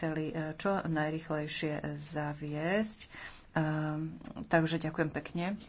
chceli e, čo najrychlejšie zaviesť. E, takže ďakujem pekne